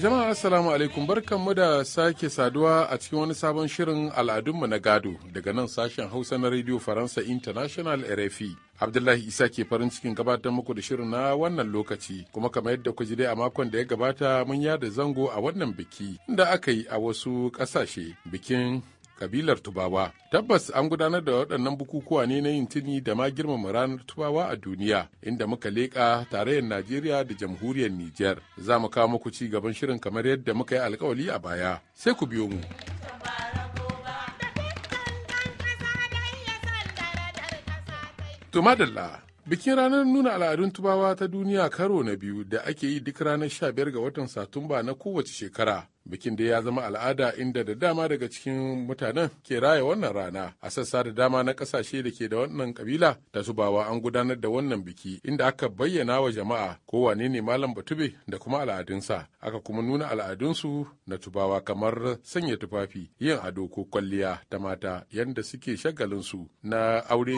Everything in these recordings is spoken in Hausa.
Jama'a Assalamu alaikum mu da sake saduwa a cikin wani sabon shirin al'adunmu na gado daga nan sashen Hausa na Radio Faransa International RFI. Abdullahi Isa ke farin cikin gabatar muku da shirin na wannan lokaci kuma kamar yadda ku ji dai a makon da ya gabata mun yada zango a wannan biki da aka yi a wasu ƙasashe bikin kabilar Tubawa. Tabbas an gudanar da waɗannan bukukuwa ne na yin tuni da ma girmama ranar Tubawa a duniya, inda muka leƙa tarayyar Najeriya da jamhuriyar Nijar. Za mu kawo muku ci gaban shirin kamar yadda muka yi alkawali a baya. Sai ku biyo mu. Tumadalla. Bikin ranar nuna al'adun tubawa ta duniya karo na biyu da ake yi duk ranar 15 ga watan Satumba na kowace shekara. Bikin da ya zama al'ada inda da dama daga cikin mutanen ke raya wannan rana a sassa da dama na kasashe da ke da wannan kabila ta tubawa an gudanar da wannan biki inda aka bayyana wa jama'a ko wane ne malam batube da kuma al'adunsa aka kuma nuna al'adunsu na tubawa kamar sanya tufafi yin ado ko kwalliya ta mata yadda suke shagalinsu na aure.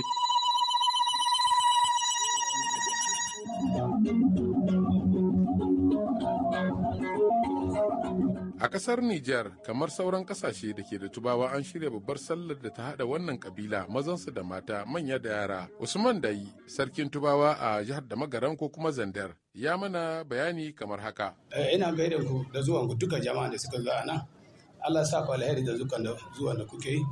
kasar Nijar, kamar sauran kasashe da ke da tubawa an shirya babbar sallar da ta hada wannan kabila mazansu da mata manya da yara. Usman Dayi, sarkin tubawa a jihar da magaran ko kuma Zandar, ya mana bayani kamar haka. Eh, ina gaida ku da zuwan ku duka jama'a da suka zo nan. Allah sa ku alheri da zukan da zuwan da kuke yi.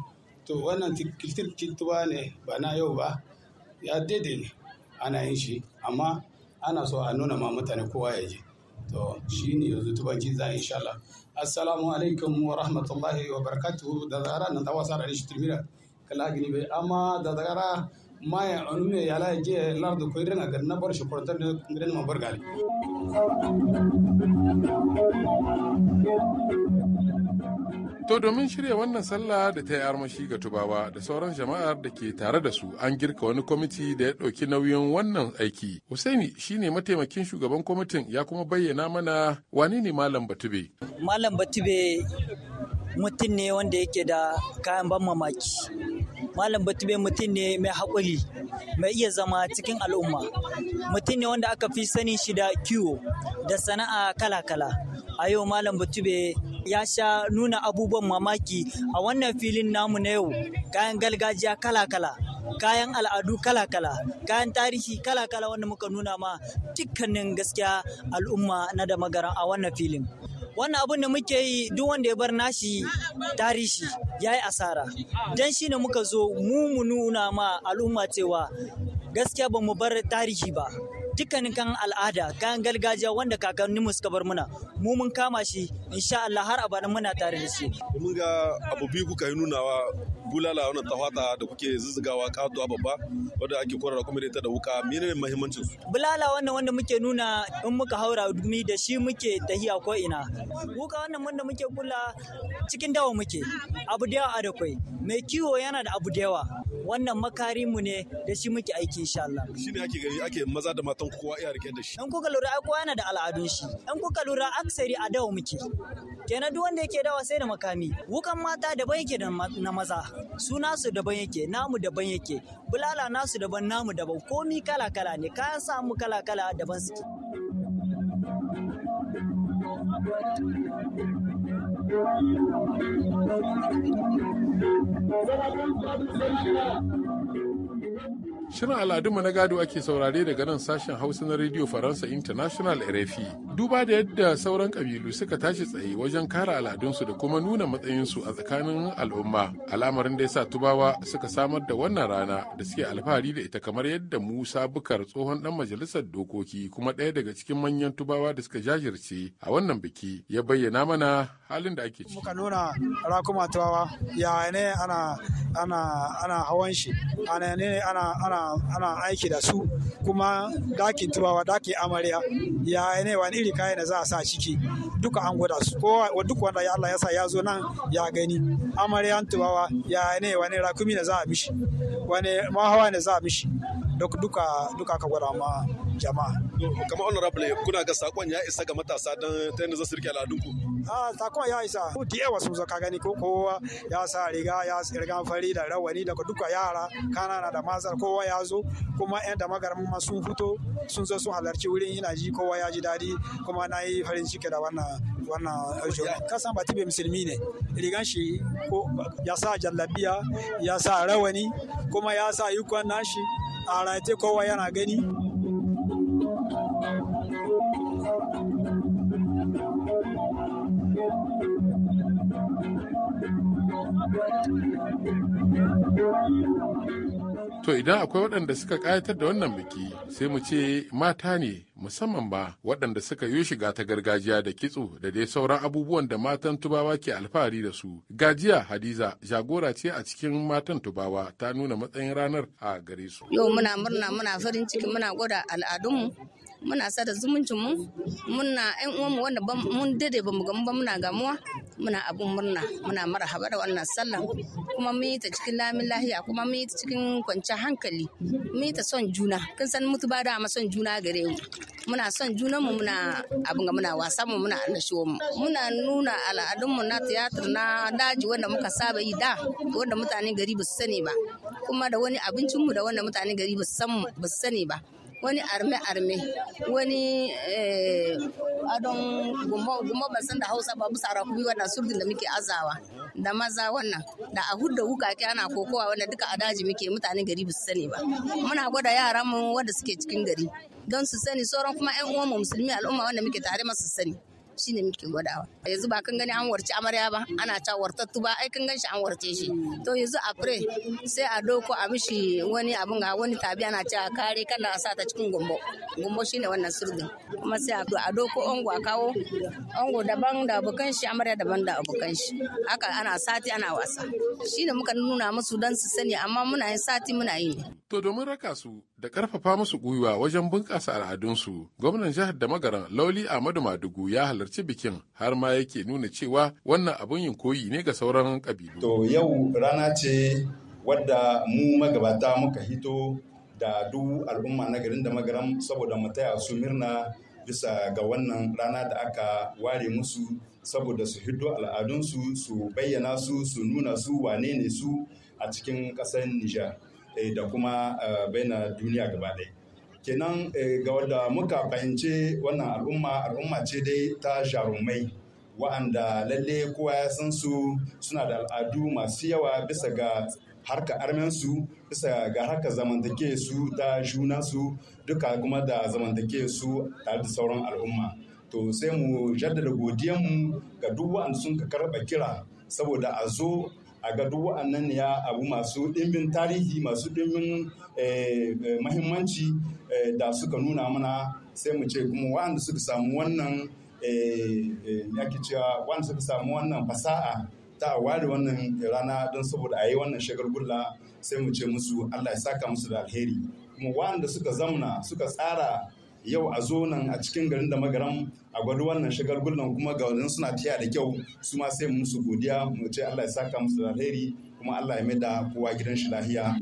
To wannan kiltir tuba ne ba na yau ba. Ya daidai ana yin shi amma ana so a nuna ma mutane kowa ya je. to ne yanzu tubanci za insha Allah assalamu alaikum wa rahmatullahi wa barakatu da zara nan ta wasara shi turmira kala gini bai amma da zara maya anume yala je lardu ko irena na bar shi kortar ne ngiren ma borgali To domin shirya wannan sallah da ta yi armashi ga tubawa da sauran jama'ar da ke tare da su an girka wani kwamiti da ya ɗauki nauyin wannan aiki. Husaini shine mataimakin shugaban kwamitin ya kuma bayyana mana wani ne Malam Batube. Malam Batube mutum ne wanda yake da kayan ban mamaki. Malam Batube mutum ne mai haƙuri, mai iya zama cikin al'umma. Mutum ne wanda aka fi sani shi da kiwo da sana'a kala-kala. A yau Malam Batube ya sha nuna abubuwan mamaki a wannan filin namu na yau kayan gargajiya kala-kala kayan al'adu kala-kala kayan tarihi kala-kala wanda muka nuna ma dukkanin gaskiya al'umma na da magara a wannan filin wannan abin da muke yi duk wanda ya bar nashi tarihi ya yi asara don shi ne muka zo mu mu nuna ma al'umma cewa gaskiya ba mu bar tarihi ba dukkanin kan al'ada kayan gargajiya wanda mu suka bar muna mu mun kama shi insha Allah har abadan muna tare da shi mun ga abu biyu kuka yi nunawa bulala wannan tawata da kuke zuzugawa kaduwa babba wadda ake kora kuma da ta da wuka menene muhimmancin su bulala wannan wanda muke nuna in muka haura dumi da shi muke tahiya ko ina wuka wannan wanda muke kula cikin dawa muke abu da yawa da kwai mai kiwo yana da abu da yawa wannan mu ne da shi muke aiki insha Allah shi ne ake gani ake maza da matan kowa iya rike da shi in kuka lura ai kowa yana da al'adun shi in kuka lura aksari a dawa muke kenan duk wanda yake dawa sai da makami wukan mata daban yake da na maza su nasu daban yake namu daban yake bulala nasu daban namu daban komi kala kala ne kayan samu kala kala daban suke Thank you. Shirin al'adunmu na gado ake saurare daga nan sashen Hausa na Radio Faransa International RFI. Duba da yadda sauran kabilu suka tashi tsaye wajen kare al'adunsu da kuma nuna matsayinsu a tsakanin al'umma. Al'amarin da ya sa Tubawa suka samar da wannan rana da suke alfahari da ita kamar yadda Musa Bukar tsohon dan majalisar dokoki kuma ɗaya daga cikin manyan Tubawa da suka jajirce a wannan biki ya bayyana mana halin da ake ciki. nuna rakuma Tubawa ya ne ana hawan shi ana ana ana aiki da su kuma dakin turawa dakin amarya ya ne wani iri kayan da za a sa ciki duka an gwada su kowa duk wanda ya Allah ya sa ya zo nan ya gani amarya turawa ya ne wani rakumi da za a mishi wani mahawa da za a mishi duka duka ka gwada ma jama'a kamar honorable kuna ga sakon ya isa ga matasa don ta yadda za su rike al'adunku ta ah, sakon ya isa ko da yawa sun ka gani ko kowa ya sa riga ya riga fari da rawani daga duka yara kanana da mazar kowa ya zo kuma yan da magarmin ma sun fito sun zo sun halarci wurin ina ji kowa ya ji daɗi kuma na yi farin ciki da wannan wannan ka san batibe musulmi ne rigan shi ko ya sa jallabiya ya sa rawani kuma ya sa yukon nashi a rate kowa yana gani Thank you. To idan akwai waɗanda suka ƙayatar da wannan biki sai mu ce mata ne musamman ba waɗanda suka yi shiga ta gargajiya da kitso da dai sauran abubuwan da matan tubawa ke alfahari da su. Gajiya Hadiza jagora ce a cikin matan tubawa ta nuna matsayin ranar a gare su. Yau muna murna muna farin ciki muna gwada al'adunmu muna sada zumuncin mu muna ɗan uwan mu wanda mun dade ga mu ba muna gamuwa muna abun murna muna marhaba da wannan sallan kuma mun yi ta cikin lamin lahiya kuma mun yi ta cikin kwanciyar hankali mun yi ta son juna kin san mutu ba da son juna gare mu muna son junan mu muna abun ga muna wasa mu muna annashuwa mu muna nuna al'adun mu na tiyatar na daji wanda muka saba yi da wanda mutane gari ba su sani ba kuma da wani abincin mu da wanda mutane gari ba su sani ba wani arme-arme wani eh, adon gumo ban san da hausa ba bisa rakumi wannan surdin da muke azawa da maza wannan da a hudda ke ana kokowa wanda duka a daji muke mutane gari ba su sani ba muna gwada yaran mu wanda suke cikin gari don su sani sauran kuma 'yan uwan musulmi al'umma wanda muke tare masu sani ne muke gwadawa yanzu ba kan gani an warce amarya ba ana ta wartattu ba ai kan ganshi an warce shi to yanzu a pray sai a doko a mishi wani abun ga wani tabi ana ta kare kala a sa ta cikin gumbo gumbo shine wannan surdin kuma sai a doko ongo a kawo ongo daban da abokan shi amarya daban da abokan shi haka ana sati ana wasa shine muka nuna musu dan su sani amma muna yin sati muna yi to domin raka su da ƙarfafa musu gwiwa wajen bunƙasa al'adunsu. Gwamnan jihar da magaran Lauli Ahmadu Madugu ya halarci bikin har ma yake nuna cewa wannan abun yin koyi ne ga sauran ƙabilu. To yau rana ce wadda mu magabata muka hito da duk al'umma na garin da magaran saboda mu taya su murna bisa ga wannan rana da aka ware musu saboda su hito al'adunsu su bayyana su su nuna su wane ne su a cikin ƙasar Nijar. Eh, da kuma eh, baina duniya gaba ɗaya kenan eh, ga wadda muka fahimci wannan al'umma al'umma ce dai ta jarumai wa'anda lalle kowa ya san su suna da al'adu masu yawa bisa ga harka armensu bisa ga harka zamantake su ta su duka kuma da zamantake su tare da sauran al'umma to sai mu jaddada mu ga duk wa'anda sun karɓa kira saboda a zo a ga duk wa'annan ya abu masu ɗimbin tarihi masu ɗimbin eh, eh, mahimmanci eh, da suka nuna mana sai mu ce kuma wa'anda suka samu wannan yake cewa suka samu wannan fasa'a ta ware wannan rana don saboda a yi wannan shagargulla sai mu ce musu Allah ya saka musu da alheri kuma wa'anda suka zamna suka tsara yau a zo nan a cikin garin da magaram a gwada wannan shagalgulan kuma ga wajen suna tiya da kyau su ma sai musu godiya mu ce Allah ya saka musu da alheri kuma Allah ya da kowa gidan shi lahiya.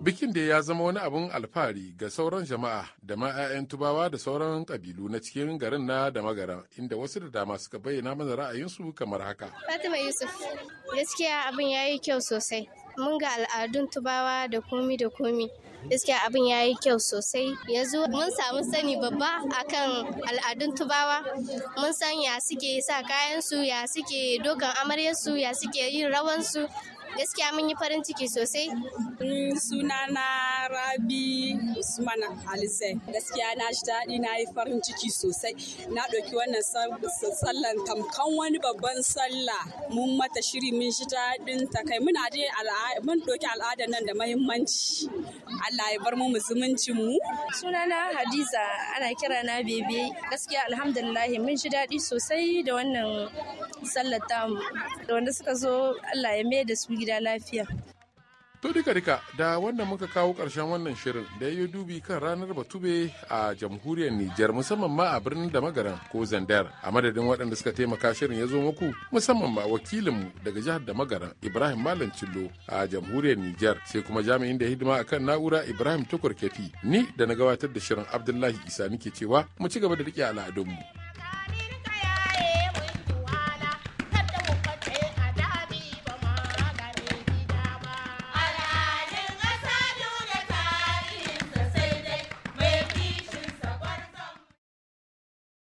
Bikin da ya zama wani abun alfahari ga sauran jama'a da ma 'ya'yan tubawa da sauran kabilu na cikin garin na da magara inda wasu da dama suka bayyana mana ra'ayinsu kamar haka. Fatima Yusuf, gaskiya abin ya yi kyau sosai. Mun ga al'adun tubawa da komi da komi. gaskiya abin ya yi kyau sosai yanzu mun samu sani babba akan al'adun tubawa mun san ya suke sa kayan su ya suke dokan amaryar su ya suke yin rawansu. gaskiya mun yi farin ciki sosai mm, sunana rabi usman halisai gaskiya na ji daɗi na yi farin ciki sosai na ɗauki wannan sallan tamkan wani babban sallah mun mata shiri mun ji daɗin ta kai muna dai mun ɗauki al'adar nan da mahimmanci Allah ya bar mu zumuncin mu sunana hadiza ana kira na bebe gaskiya alhamdulillah mun ji daɗi sosai da wannan sallar tamu da wanda suka zo Allah ya mai da su gida lafiya. To duka duka da wannan muka kawo ƙarshen wannan shirin da ya yi dubi kan ranar Batube a jamhuriyar Nijar musamman ma a birnin da magaran ko Zandar a madadin waɗanda suka taimaka shirin ya zo muku musamman ma wakilinmu daga jihar da magaran Ibrahim Malam Cillo a jamhuriyar Nijar sai kuma jami'in da hidima akan na'ura Ibrahim Tukur Kefi ni da na gabatar da shirin Abdullahi Isa nike cewa mu ci gaba da riƙe al'adunmu.